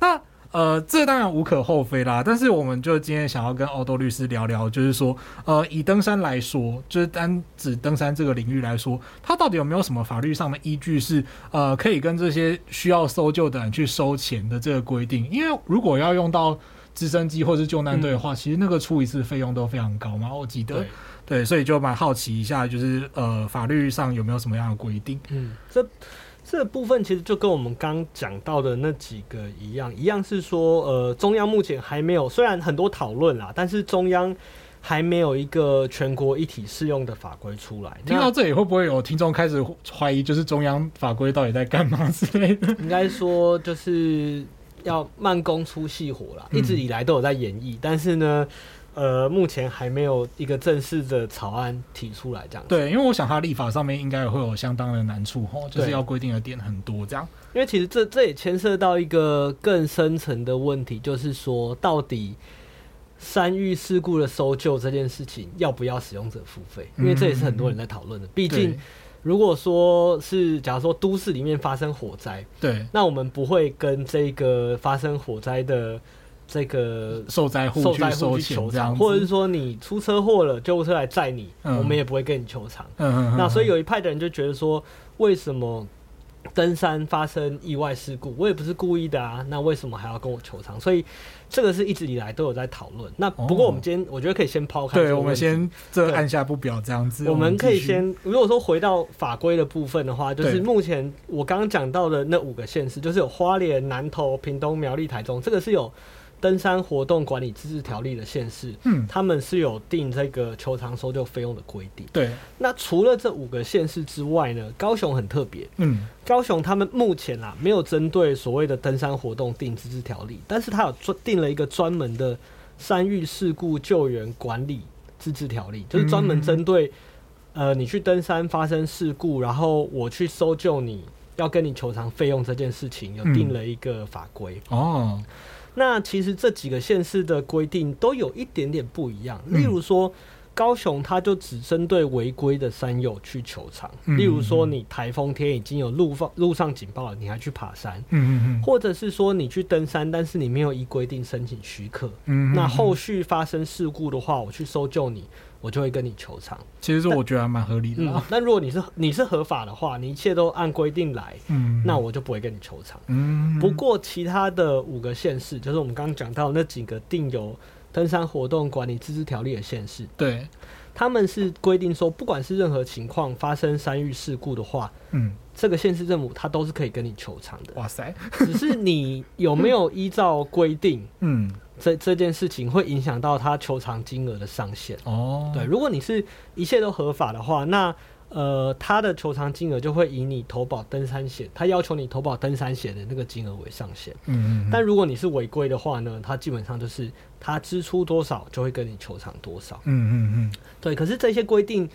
那呃，這當然無可厚非啦。但是，我們就今天想要跟凹豆律師聊聊，就是說，呃，以登山來說，就是單指登山這個領域來說，它到底有沒有什麼法律上的依據是，呃，可以跟這些需要搜救的人去收錢的這個規定？因為如果要用到直升機或是救難隊的話，嗯、其實那個出一次費用都非常高嘛。我記得，對，對，所以就蠻好奇一下，就是呃，法律上有沒有什麼樣的規定？嗯，這。這部分其實就跟我們剛講到的那幾個一樣，一樣是說，呃，中央目前還沒有，雖然很多討論啦，但是中央還沒有一個全國一體適用的法規出來。聽到這裡，會不會有聽眾開始懷疑，就是中央法規到底在幹嘛之類的？應該說，就是要慢工出細活啦， 一直以來都有在研議，嗯、但是呢。呃，目前還沒有一個正式的草案提出來，這樣，對。因為我想它立法上面應該也會有相當的難處齁，就是要規定的點很多，這樣。因為其實這這也牽涉到一個更深層的問題，就是說到底山域事故的搜救這件事情要不要使用者付費？嗯嗯嗯。因為這也是很多人在討論的。畢竟如果說是，假如說都市裡面發生火災，對，那我們不會跟這個發生火災的。這個受災戶受災戶去求償，去求償，或者是說你出車禍了，救護車來載你，嗯，我們也不會跟你求償，嗯。那所以有一派的人就覺得說，為什麼登山發生意外事故，我也不是故意的啊，那為什麼還要跟我求償？所以這個是一直以來都有在討論，哦。那不過我們今天我覺得可以先拋開，對，我們先這按下不表這樣子。我們，我們可以先如果說回到法規的部分的話，就是目前我剛剛講到的那五個縣市，就是有花蓮、南投、屏東、苗栗、台中，這個是有登山活動管理自治條例的縣市，嗯，他們是有定這個求償搜救費用的規定。對，那除了這五個縣市之外呢？高雄很特別，嗯，高雄他們目前啊沒有針對所謂的登山活動定自治條例，但是他有專定了一個專門的山域事故救援管理自治條例，就是專門針對、嗯、呃你去登山發生事故，然後我去搜救你，你要跟你求償費用這件事情，有定了一個法規、嗯嗯、哦。那其實這幾個縣市的規定都有一點點不一樣。例如說，高雄它就只針對違規的山友去求償。例如說，你台風天已經有陸放陸上警報了，你還去爬山。嗯嗯嗯。或者是說，你去登山，但是你沒有依規定申請許可。嗯。那後續發生事故的話，我去搜救你。我就會跟你求償，其實我覺得還蠻合理的。那、嗯啊、如果你是你是合法的話，你一切都按規定來，嗯，那我就不會跟你求償。嗯，不過其他的五個縣市，就是我們剛剛講到那幾個定有登山活動管理自治條例的縣市的，對他們是規定說，不管是任何情況發生山域事故的話，嗯。這個縣市政府，它都是可以跟你求償的。哇塞！ 只是你有沒有依照規定？嗯，這這件事情會影響到他求償金額的上限。哦，對，如果你是一切都合法的話，那呃，他的求償金額就會以你投保登山險，他要求你投保登山險的那個金額為上限。嗯嗯嗯。但如果你是違規的話呢，他基本上就是他支出多少，就會跟你求償多少。嗯嗯嗯。對，可是這些規定。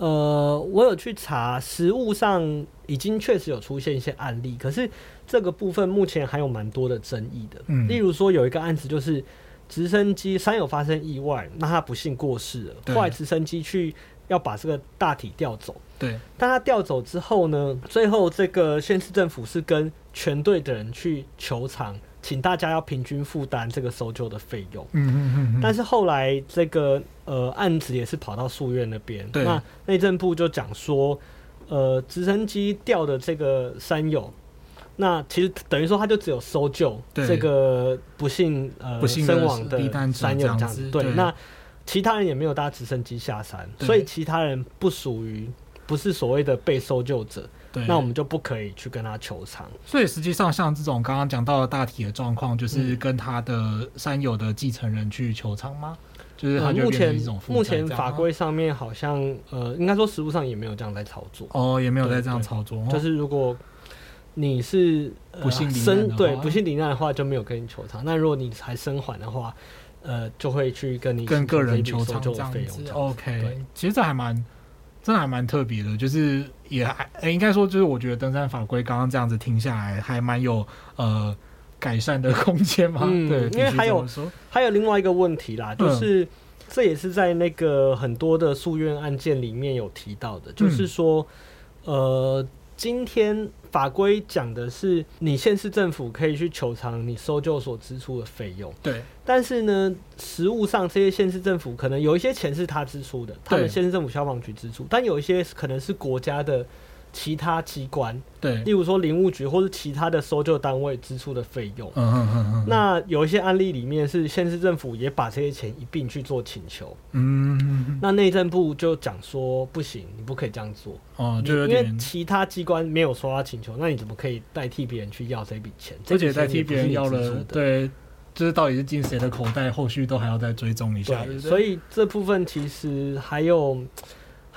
呃，我有去查，實務上已經確實有出現一些案例，可是，這個部分目前還有蠻多的爭議的。嗯。例如說有一個案子，就是直升機山友發生意外，那他不幸過世了。對，後來直升機去要把這個大體調走。對，但他調走之後呢，最後這個縣市政府是跟全隊的人去求償。請大家要平均負擔這個搜救的費用。嗯嗯嗯。但是後來這個呃案子也是跑到書院那邊，那內政部就講說，呃，直升機吊的這個山友，那其實等於說他就只有搜救這個不幸呃不幸身亡的山友這樣子。對，那其他人也沒有搭直升機下山，所以其他人不屬於不是所謂的被搜救者。對，那我們就不可以去跟他求償。所以實際上，像這種剛剛講到的大體的狀況，就是跟他的山友的繼承人去求償嗎？嗯？就是他就種責這、啊、目前目前法規上面好像，呃，應該說實務上，也沒有這樣在操作。哦，也沒有在這樣操作。就是如果你是不幸罹，對，不幸罹難的話，呃、的話就沒有跟你求償，啊。那如果你還生還的話，呃，就會去跟你跟個人求償這樣子。O、okay, K，其實這還蠻。真的還蠻特別的，就是也還、欸、應該說，就是我覺得登山法規剛剛這樣子聽下來還蠻，還蠻有呃改善的空間嘛。嗯、對，因為還有還有另外一個問題啦，就是這也是在那個很多的訴願案件裡面有提到的，嗯、就是說、嗯、呃。今天法規講的是，你縣市政府可以去求償你搜救所支出的費用。對，但是呢，實務上這些縣市政府可能有一些錢是他支出的，他們縣市政府消防局支出，但有一些可能是國家的。其他機關，對，例如說林務局或是其他的搜救單位支出的費用，嗯嗯嗯嗯，那有一些案例裡面是縣市政府也把這些錢一併去做請求，嗯哼哼，那內政部就講說不行，你不可以這樣做，哦，就有點，因為其他機關沒有說他請求，那你怎麼可以代替別人去要這筆錢？而且代替別人要了，要了，對，就是到底是進誰的口袋，後續都還要再追蹤一下，對對對。所以這部分其實還有。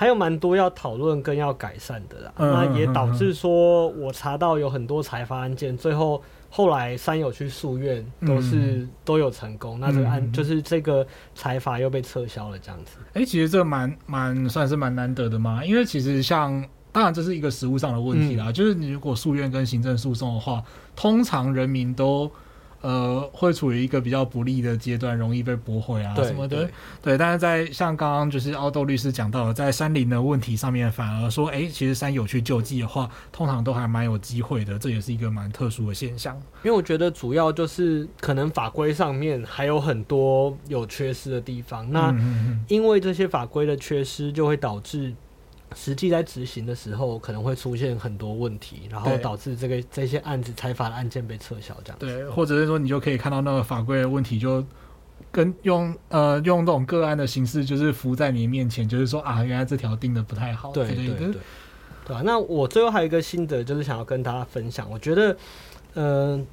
還有蠻多要討論跟要改善的啦，嗯、那也導致說，我查到有很多裁罰案件，嗯、最後後來山友去訴願，都是、嗯、都有成功，那這個案、嗯、就是這個裁罰又被撤銷了這樣子。哎、欸，其實這蠻蠻算是蠻難得的嘛，因為其實像當然這是一個實務上的問題啦，嗯、就是你如果訴願跟行政訴訟的話，通常人民都。呃，會處於一個比較不利的階段，容易被駁回啊什麼的。對，對對，但是，在像剛剛就是凹豆律師講到了，在山林的問題上面，反而說，哎、欸，其實山友去救濟的話，通常都還蠻有機會的。這也是一個蠻特殊的現象。因為我覺得主要就是可能法規上面還有很多有缺失的地方。那因為這些法規的缺失，就會導致。實際在執行的時候，可能會出現很多問題，然後導致這個這些案子，裁罰的案件被撤銷，這樣對。對，或者是說，你就可以看到那個法規的問題，就跟用呃用這種個案的形式，就是浮在你面前，就是說啊，原來這條定得不太好。對對對，對，對。對啊，那我最後還有一個心得，就是想要跟大家分享。我覺得，嗯、呃，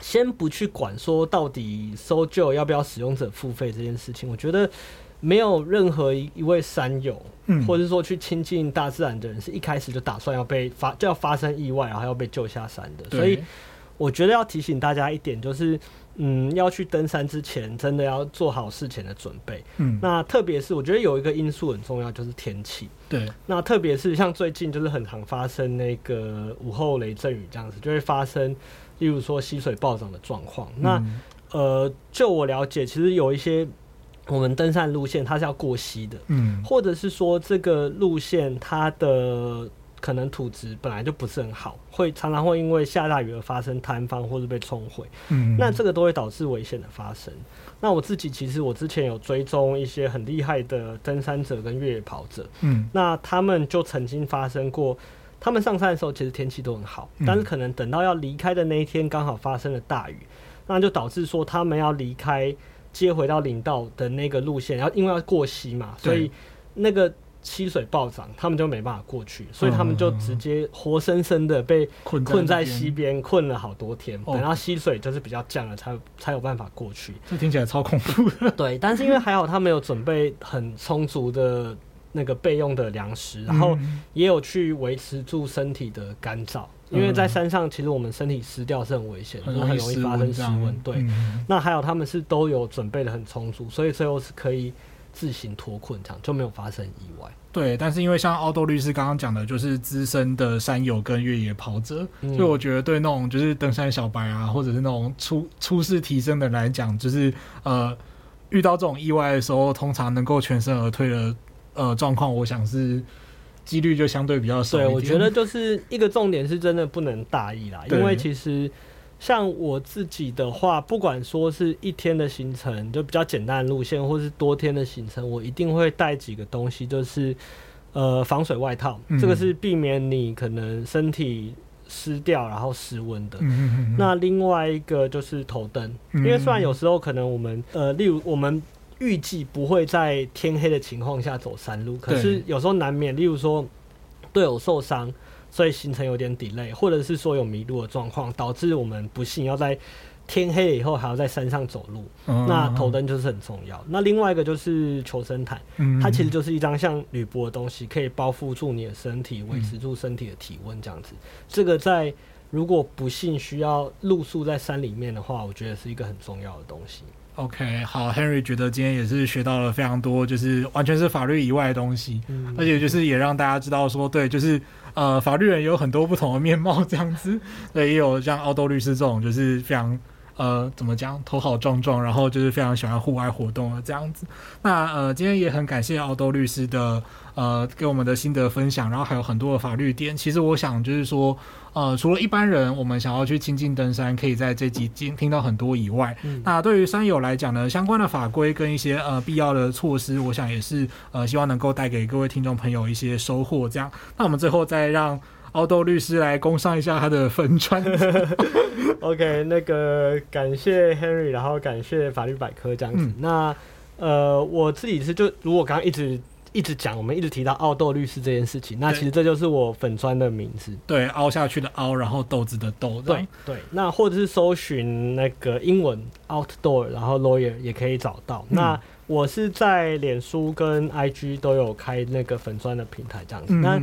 先不去管說到底搜救要不要使用者付費這件事情，我覺得。沒有任何一一位山友，或者是說去親近大自然的人，嗯，是一開始就打算要被發就要發生意外，然後要被救下山的。所以我覺得要提醒大家一點，就是嗯，要去登山之前，真的要做好事前的準備。嗯，那特別是我覺得有一個因素很重要，就是天氣。對，那特別是像最近就是很常發生那個午後雷陣雨這樣子，就會發生，例如說溪水暴漲的狀況，嗯。那呃，就我了解，其實有一些。我們登山路線它是要過溪的，嗯，或者是說這個路線它的可能土質本來就不是很好，會常常會因為下大雨而發生坍方或是被沖毀，嗯，那這個都會導致危險的發生。那我自己其實我之前有追蹤一些很厲害的登山者跟越野跑者，嗯，那他們就曾經發生過，他們上山的時候其實天氣都很好，但是可能等到要離開的那一天剛好發生了大雨，那就導致說他們要離開。接回到林道的那個路線，然後因為要過溪嘛，所以那個溪水暴漲，他們就沒辦法過去，所以他們就直接活生生的被困在溪邊，困了好多天，等到溪水就是比較降了，才才有辦法過去。這聽起來超恐怖的。對，但是因為還好他沒有準備很充足的。那個備用的糧食，然後也有去維持住身體的乾燥、嗯，因為在山上其實我們身體濕掉是很危險的、嗯，很容易發生失溫。對、嗯，那還有他們是都有準備得很充足，所以最後是可以自行脫困，這樣就沒有發生意外。對，但是因為像凹豆律師剛剛講的，就是資深的山友跟越野跑者、嗯，所以我覺得對那種就是登山小白啊，或者是那種初初試提升的來講，就是呃遇到這種意外的時候，通常能夠全身而退的，呃，狀況我想是幾率就相對比較少。對，我覺得就是一個重點是真的不能大意啦，因為其實像我自己的話，不管說是一天的行程就比較簡單的路線，或是多天的行程，我一定會帶幾個東西，就是呃防水外套、嗯，這個是避免你可能身體濕掉然後失溫的、嗯。那另外一個就是頭燈、嗯，因為雖然有時候可能我們呃，例如我們。預計不會在天黑的情況下走山路，可是有時候難免，例如說隊友受傷，所以行程有點 delay，或者是說有迷路的狀況，導致我們不幸要在天黑以後還要在山上走路。Uh-huh. 那頭燈就是很重要。那另外一個就是求生毯，它其實就是一張像鋁箔的東西，可以包覆住你的身體，維持住身體的體溫這樣子。這個在如果不幸需要露宿在山裡面的話，我覺得是一個很重要的東西。OK，好，Henry 覺得今天也是學到了非常多，就是完全是法律以外的東西，嗯，而且就是也讓大家知道說，對，就是呃，法律人有很多不同的面貌這樣子， 對，也有像凹豆律師這種就是非常呃，怎麼講頭好壯壯，然後就是非常喜歡戶外活動啊這樣子。那呃，今天也很感謝凹豆律師的呃，給我們的心得分享，然後還有很多的法律點。其實我想就是說，呃，除了一般人，我們想要去親近登山，可以在這集聽聽到很多以外，嗯、那對於山友來講呢，相關的法規跟一些呃必要的措施，我想也是呃，希望能夠帶給各位聽眾朋友一些收穫。這樣，那我們最後再讓凹豆律師來攻上一下他的分川。 OK，那個感謝 Henry，然後感謝法律百科這樣子。嗯、那呃，我自己是就如果剛剛一直。一直講，我們一直提到凹豆律師這件事情。那其實這就是我粉專的名字。對，凹下去的凹，然後豆子的豆。對對。那或者是搜尋那個英文 outdoor，然後 lawyer 也可以找到。那我是在臉書跟 IG 都有開那個粉專的平台，這樣子，嗯。那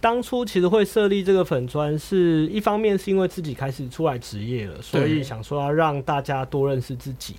當初其實會設立這個粉專，是一方面是因為自己開始出來職業了，所以想說要讓大家多認識自己。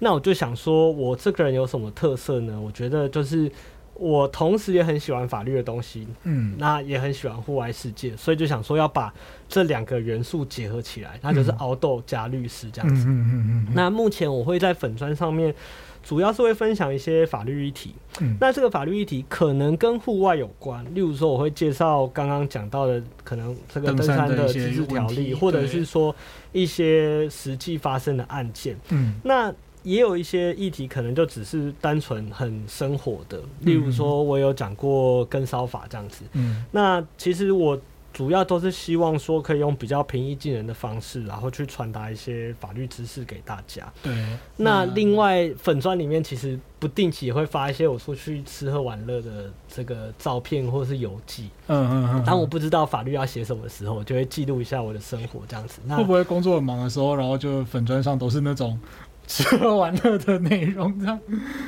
那我就想說，我這個人有什麼特色呢？我覺得就是。我同時，也很喜歡法律的東西，嗯，那也很喜歡戶外世界，所以就想說要把這兩個元素結合起來，那就是凹豆加律師這樣子。嗯嗯嗯，嗯，嗯，那目前我會在粉專上面，主要是會分享一些法律議題。嗯。那這個法律議題可能跟戶外有關，例如說我會介紹剛剛講到的，可能這個登山的自治條例 5T，或者是說一些實際發生的案件。嗯。那。也有一些議題可能就只是單純很生活的，嗯、例如說，我有講過跟騷法這樣子。嗯，那其實我主要都是希望說可以用比較平易近人的方式，然後去傳達一些法律知識給大家。對。那，那另外粉專裡面其實不定期也會發一些我出去吃喝玩樂的這個照片或者是遊記。嗯嗯，嗯。當我不知道法律要寫什麼時候，我就會記錄一下我的生活這樣子那。會不會工作很忙的時候，然後就粉專上都是那種？吃喝玩樂的內容這樣，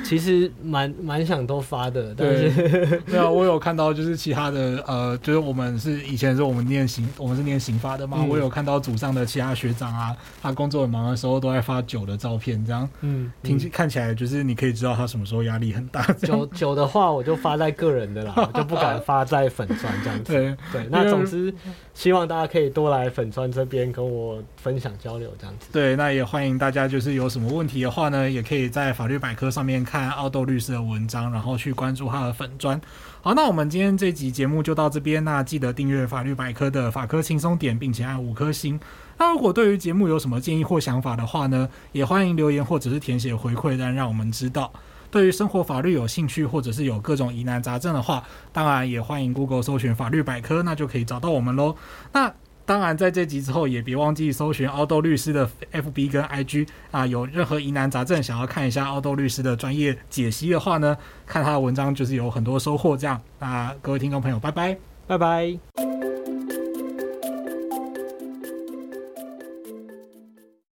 其實蠻蠻想都發的，但是對,對啊，我有看到就是其他的呃，就是我們是以前是我們念刑，我們是念刑法的嘛、嗯。我有看到組上的其他學長啊，他工作很忙的時候都在發酒的照片這樣，嗯，聽看起來就是你可以知道他什麼時候壓力很大酒。酒酒的話我就發在個人的啦， 就不敢發在粉專這樣子。 對,對那總之希望大家可以多來粉專這邊跟我分享交流這樣子。對，那也歡迎大家就是有什麼。問題的話呢，也可以在法律百科上面看凹豆律師的文章，然後去關注他的粉專。好，那我們今天這集節目就到這邊，那記得訂閱法律百科的法科輕鬆點，並且按五顆星。那如果對於節目有什麼建議或想法的話呢，也歡迎留言或者是填寫回饋單，但讓我們知道。對於生活法律有興趣或者是有各種疑難雜症的話，當然也歡迎 Google 搜尋法律百科，那就可以找到我們嘍。那當然，在這集之後也別忘記搜尋凹豆律師的 FB 跟 IG 啊，有任何疑難雜症想要看一下凹豆律師的專業解析的話呢，看他的文章就是有很多收穫。這樣，那各位聽眾朋友，拜拜，拜拜。